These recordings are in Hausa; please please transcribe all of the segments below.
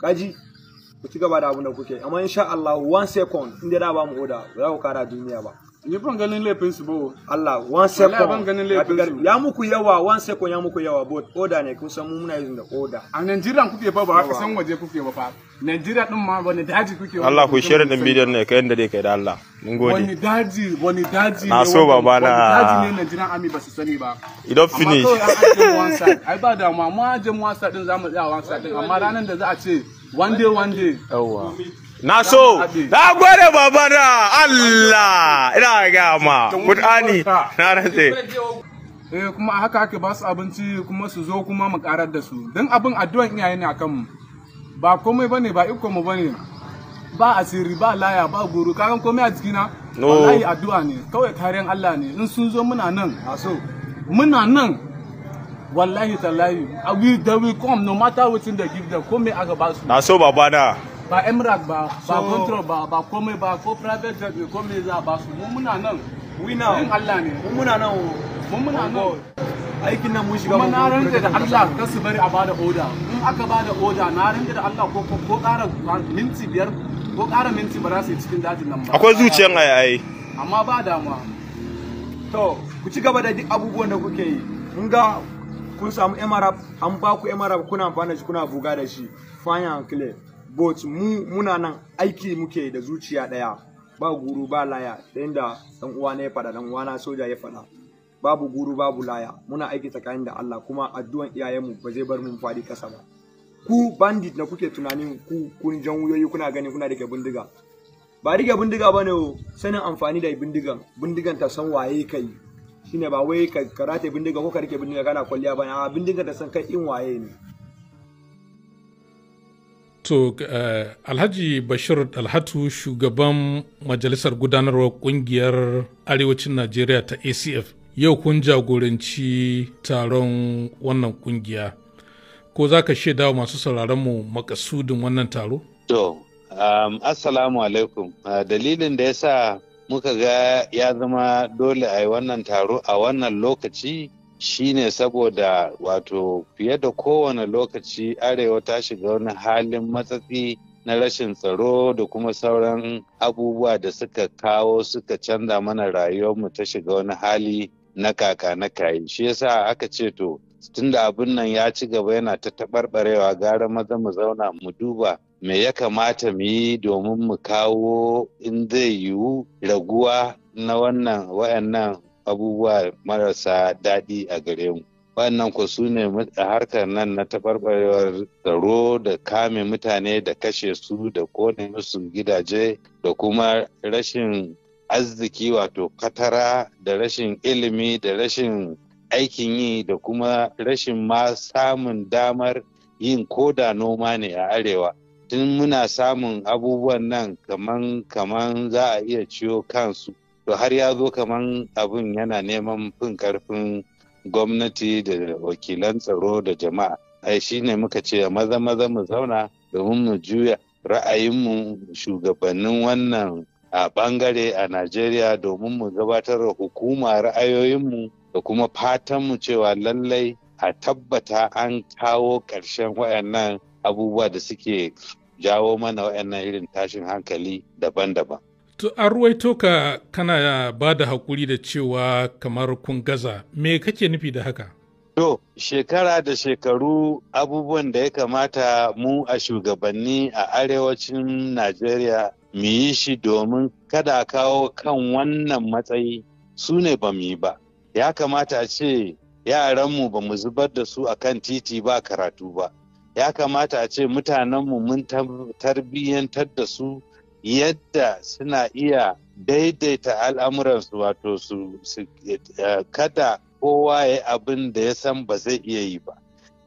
kaji ku ci gaba da abin da kuke amma insha Allah one second inda da ba mu oda ba za ku kara duniya ba ni ban ganin laifin su Allah one second ban ganin laifin su ya muku yawa one second ya muku yawa but order ne kun san mu muna da order a Najeriya kuke ba ba ka san waje kuke ba fa Najeriya din ma wani daji kuke Allah ku share din bidiyon ne kai inda dai kai da Allah mun gode wani daji wani daji na so ba ba daji ne Najeriya ami ba su sani ba idan finish ai ba da ma mu ajin wasa din zamu tsaya wasa din amma ranan da za a ce one day one day na so na gode babana Allah ina ga ma Qur'ani na rantse eh kuma haka ake ba su abinci kuma su zo kuma mu karar da su don abin addu'an iyaye ne akan mu ba komai bane ba iko mu bane ba asiri ba laya ba guru kan komai a jikina wallahi addu'a ne kawai kariyan Allah ne in sun zo muna nan a so muna nan wallahi tallahi we they will come no matter what they give them komai aka ba su na so babana ba emrak ba ba control ba ba komai ba ko private jet ne ko me za ba su mu muna nan we now in Allah ne mu muna nan mu muna oh, nan aikin nan mun shiga mun rantsa da Allah kar su bari a bada order in aka bada order na rantsa da Allah ko ko ƙara minti biyar ko ƙara minti ba za su yi cikin dajin nan ba akwai zuciyar ayaye amma ba damuwa to ku ci gaba da duk abubuwan da kuke yi mun ga kun samu emarab an ba ku emarab kuna amfana shi kuna buga da shi fine and clear but mu muna nan aiki muke da zuciya daya ba guru ba laya ɗayan da ɗan uwa ya faɗa ɗan uwa soja ya faɗa babu guru babu laya muna aiki tsakanin da Allah kuma addu'an iyayenmu ba zai bar mun faɗi kasa ba ku bandit na kuke tunanin ku kun jan wuyoyi kuna gani kuna rike bindiga ba rike bindiga bane o sanin amfani da bindigan bindigan ta san waye kai shine ba wai ka karate bindiga ko ka rike bindiga kana kwalliya bane a bindiga ta san kai in waye ne To uh, Alhaji Bashir Alhatu shugaban majalisar gudanarwar kungiyar Arewacin Najeriya ta ACF yau kun jagoranci taron wannan kungiya. Ko za ka shaida masu sauraronmu makasudin wannan taro? To, um, Assalamu alaikum. Uh, dalilin da ya sa muka ga ya zama dole a yi wannan taro a wannan lokaci shine saboda wato fiye da kowane lokaci arewa ta shiga wani halin matsatsi na rashin tsaro da kuma sauran abubuwa da suka kawo suka canza mana rayuwarmu ta shiga wani hali na kaka na kayi shi yasa aka ce to tunda abin nan ya ci gaba yana ta taɓarɓarewa gara maza mu zauna mu duba me ya kamata mu yi domin mu kawo in zai yiwu raguwa na wannan wayannan abubuwa marasa daɗi a gare mu wannan ku su ne harkar nan na tabarbarewar tsaro da kame mutane da kashe su da kone musu gidaje da kuma rashin arziki wato katara da rashin ilimi da rashin aikin yi da kuma rashin ma samun damar yin koda noma ne a arewa tun muna samun abubuwan nan kaman kaman za a iya ciwo kansu to har ya zo kaman abin yana neman fin karfin gwamnati da wakilan tsaro da jama'a ai shi ne muka ce maza maza mu zauna domin mu juya ra'ayinmu shugabannin wannan a bangare a najeriya domin mu gabatar da hukuma ra'ayoyinmu da kuma fatanmu cewa lallai a tabbata an kawo ƙarshen waɗannan abubuwa da suke jawo mana waɗannan irin tashin hankali daban-daban To an ruwaito ka kana ba da haƙuri da cewa kamar kun gaza, me kake nufi da haka? To, shekara da shekaru abubuwan da ya kamata mu a shugabanni a arewacin Najeriya mu yi shi domin kada kawo kan wannan matsayi su ne ba mu yi ba. Ya kamata a ce yaranmu ba mu zubar da su a kan titi ba karatu ba. Ya kamata a ce mutanenmu mun tarbiyyantar da su yadda suna iya daidaita al'amuransu wato su eh, eh, kada kowa ya abin da ya san ba zai iya yi ba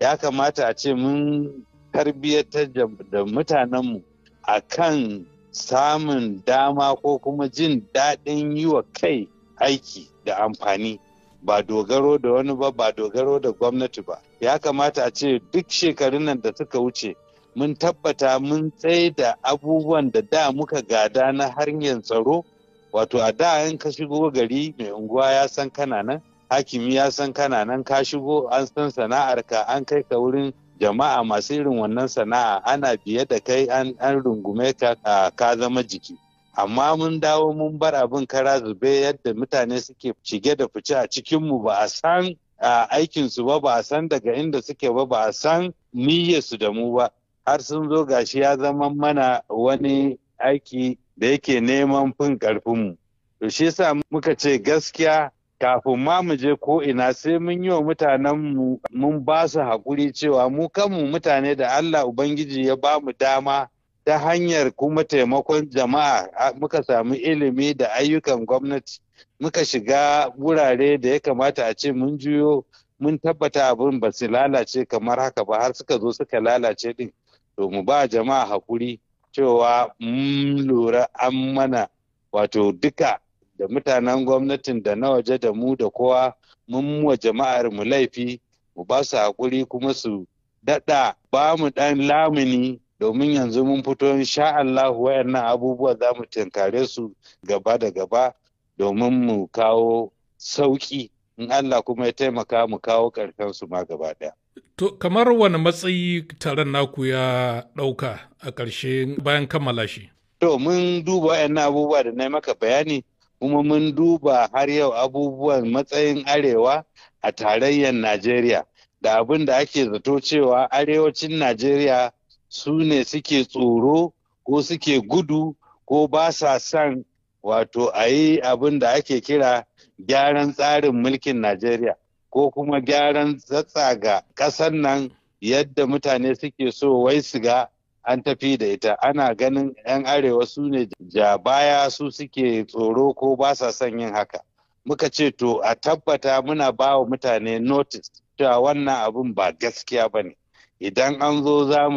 ya kamata a ce mun tarbiyyatar da mutanenmu a kan samun dama ko kuma jin daɗin yi wa kai aiki da amfani ba dogaro da wani ba ba dogaro da gwamnati ba ya kamata a ce duk shekarun nan da suka wuce mun tabbata mun tsaye da abubuwan da da muka gada na hanyar tsaro wato a da in ka shigo gari mai unguwa ya san kana nan hakimi ya san kana nan ka shigo an san sana'arka an kai ka wurin jama'a masu irin wannan sana'a ana biye da kai an rungume ka ka zama jiki amma mun dawo mun bar abin kara zube yadda mutane suke shige da fice a cikinmu ba a san aikinsu ba ba a san daga inda suke ba ba a san niyyarsu da mu ba har sun zo gashi ya zama mana wani aiki da yake neman fin ƙarfinmu. To shi sa muka ce gaskiya kafin ma mu je ko ina sai mun yi wa mutanenmu mun ba su haƙuri cewa mu kanmu mutane da Allah Ubangiji ya ba mu dama ta hanyar kuma taimakon jama'a muka samu ilimi da ayyukan gwamnati muka shiga wurare da ya kamata a ce mun juyo mun tabbata abin ba su lalace kamar haka ba har suka zo suka lalace din to mu ba jama'a hakuri cewa mun lura an mana wato duka da mutanen gwamnatin da na waje da mu da kowa mun wa jama'ar mu laifi mu ba su hakuri kuma su daɗa ba mu ɗan lamuni domin yanzu mun fito insha Allah wayannan abubuwa za mu tinkare su gaba da gaba domin mu kawo sauƙi in Allah kuma ya taimaka mu kawo ƙarshen su ma gaba ɗaya. To, kamar wani matsayi taron naku ya ɗauka a ƙarshe bayan kammala shi? To, mun duba yana abubuwa da na maka bayani, kuma mun duba har yau abubuwan matsayin arewa a tarayyar Najeriya, da abin da ake zato cewa arewacin Najeriya su ne suke tsoro ko suke gudu ko ba sa son wato a yi abin da ake kira gyaran tsarin mulkin Najeriya. ko kuma gyaran zatsa ga ƙasar nan yadda mutane suke so wai su ga an tafi da ita ana ganin 'yan arewa su ne ja baya su suke tsoro ko ba sa son yin haka muka ce to a tabbata muna ba wa mutane notice cewa wannan abin ba gaskiya ba ne idan an zo za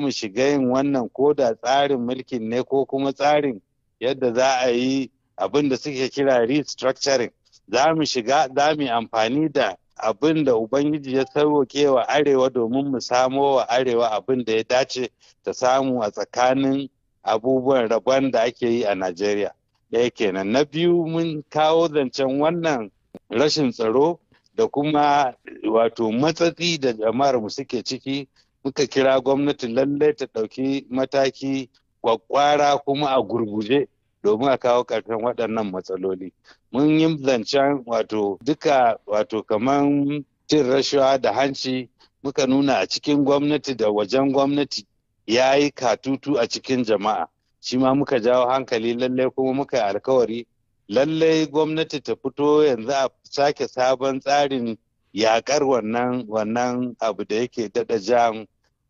mu shiga yin wannan ko da tsarin mulkin ne ko kuma tsarin yadda za a yi abin da suke kira restructuring za mu shiga za mu amfani da abin da ubangiji ya sauke wa arewa domin mu samo wa arewa abin da ya dace ta samu a tsakanin abubuwan rabon da ake yi a najeriya ɗaya kenan na biyu mun kawo zancen wannan rashin tsaro da kuma wato matsatsi da jama'ar mu suke ciki muka kira gwamnati lallai ta ɗauki mataki kwakwara kuma a gurguje domin a kawo ƙarshen waɗannan matsaloli. Mun yi zancen wato duka wato kaman cin rashawa da hanci muka nuna a cikin gwamnati da wajen gwamnati ya yi katutu a cikin jama'a. Shi ma muka jawo hankali lallai kuma muka yi alkawari lallai gwamnati ta fito yanzu a sake sabon tsarin yakar wannan wannan abu da yake daɗa jan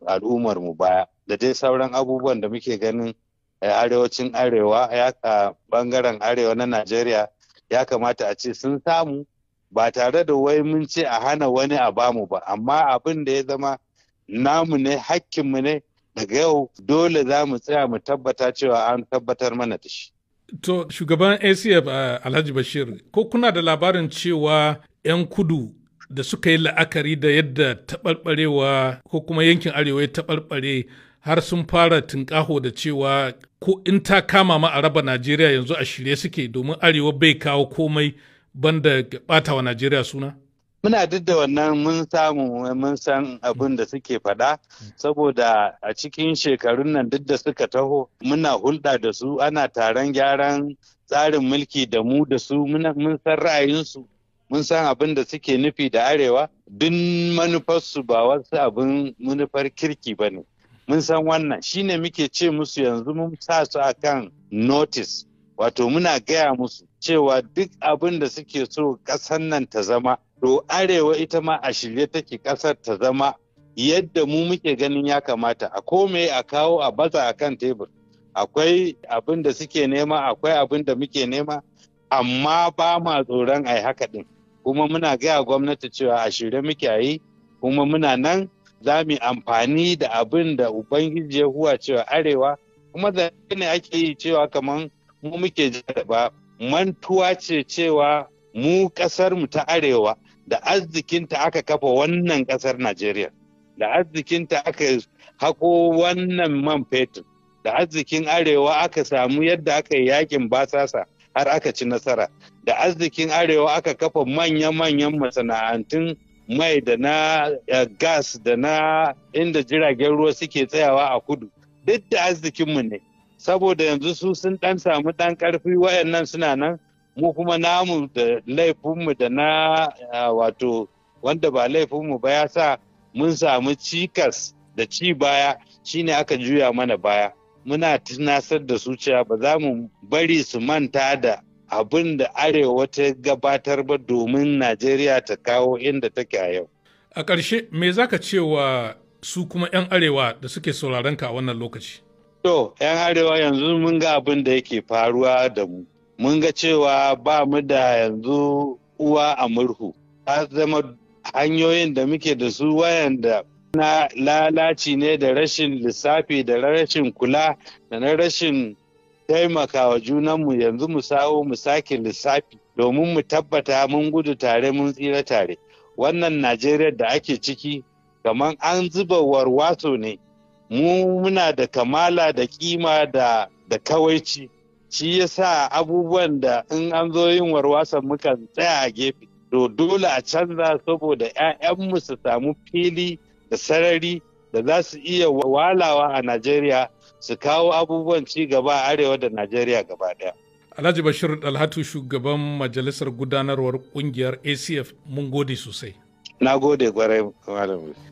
al'ummar mu baya da dai sauran abubuwan da muke ganin arewacin arewa a bangaren arewa na najeriya ya kamata a ce sun samu ba tare da wai mun ce a hana wani a bamu ba amma abin da ya zama namu ne hakkinmu ne daga yau dole za mu tsaya mu tabbata cewa an tabbatar mana da shi. To shugaban ACF Alhaji Bashir, ko kuna da labarin cewa 'yan kudu da suka yi la'akari da yadda taɓarɓarewa ko kuma yankin arewa ya taɓarɓare har sun fara tunƙaho da cewa ko in ta kama ma a raba Najeriya yanzu a shirye suke domin arewa bai kawo komai banda bata wa Najeriya suna? Muna duk da wannan mun samu mun san abin da suke faɗa saboda a cikin shekarun nan duk da suka taho muna hulɗa da su ana taron gyaran tsarin mulki da mu da su mun san ra'ayinsu mun san abin da suke nufi da arewa duk manufarsu ba wasu abin manufar kirki ba ne. mun san wannan shine muke ce musu yanzu mun sa su akan notice wato muna gaya musu cewa duk abin da suke so ƙasar nan ta zama to arewa ita ma a shirye take ƙasar ta zama yadda mu muke ganin ya kamata a kome a kawo a baza a kan tebur akwai abin da suke nema akwai abin da muke nema amma ba ma tsoron a yi haka ɗin kuma muna gaya gwamnati cewa a shirye muke a yi kuma muna nan za mu amfani da abin da ubangiji ya huwa cewa arewa kuma da ne ake yi cewa kamar mu muke jaraba mantuwa ce cewa mu kasar mu ta arewa da arzikinta aka kafa wannan kasar najeriya da arzikinta aka hako wannan man fetur da arzikin arewa aka samu yadda aka yi yakin basasa har aka ci nasara da arzikin arewa aka kafa manya-manyan masana'antun mai da na eh, gas da na inda jiragen ruwa suke tsayawa a kudu duk da arzikinmu ne saboda yanzu su sun dan samu dan karfi wayannan suna nan mu kuma namu da laifinmu da na eh, wato wanda ba laifinmu ba ya sa mun samu cikas da ci baya shine aka juya mana baya muna tunasar da su cewa ba za mu bari su manta da abin da arewa ta gabatar ba domin najeriya ta kawo inda take a yau a ƙarshe me za ka ce wa su kuma 'yan arewa da suke sauraron ka a wannan lokaci to 'yan arewa yanzu mun ga abin da yake faruwa da mu mun ga cewa ba mu da yanzu uwa a murhu ta zama hanyoyin da muke da su wayanda na lalaci ne da rashin lissafi da rashin kula da na rashin taimakawa junanmu yanzu mu sawo mu sake lissafi domin mu tabbata mun gudu tare mun tsira tare wannan najeriya da ake ciki kamar an zuba warwaso ne mu muna da kamala da kima da da kawaici shi yasa abubuwan da in an zo yin warwasan mukan tsaya a gefe to dole a canza saboda 'ya'yanmu su samu fili da sarari da za su iya walawa a Najeriya su kawo abubuwan ci gaba a arewa da Najeriya gaba ɗaya. Alhaji Bashir Dalhatu shugaban majalisar gudanarwar kungiyar ACF mun gode sosai. Na gode gwarai malam.